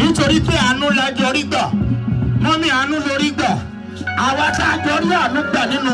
nítorí pé àánú la jọ rí gbà mọ́mí àánú lórí gbà àwa tá a jọ àánú gbà nínú.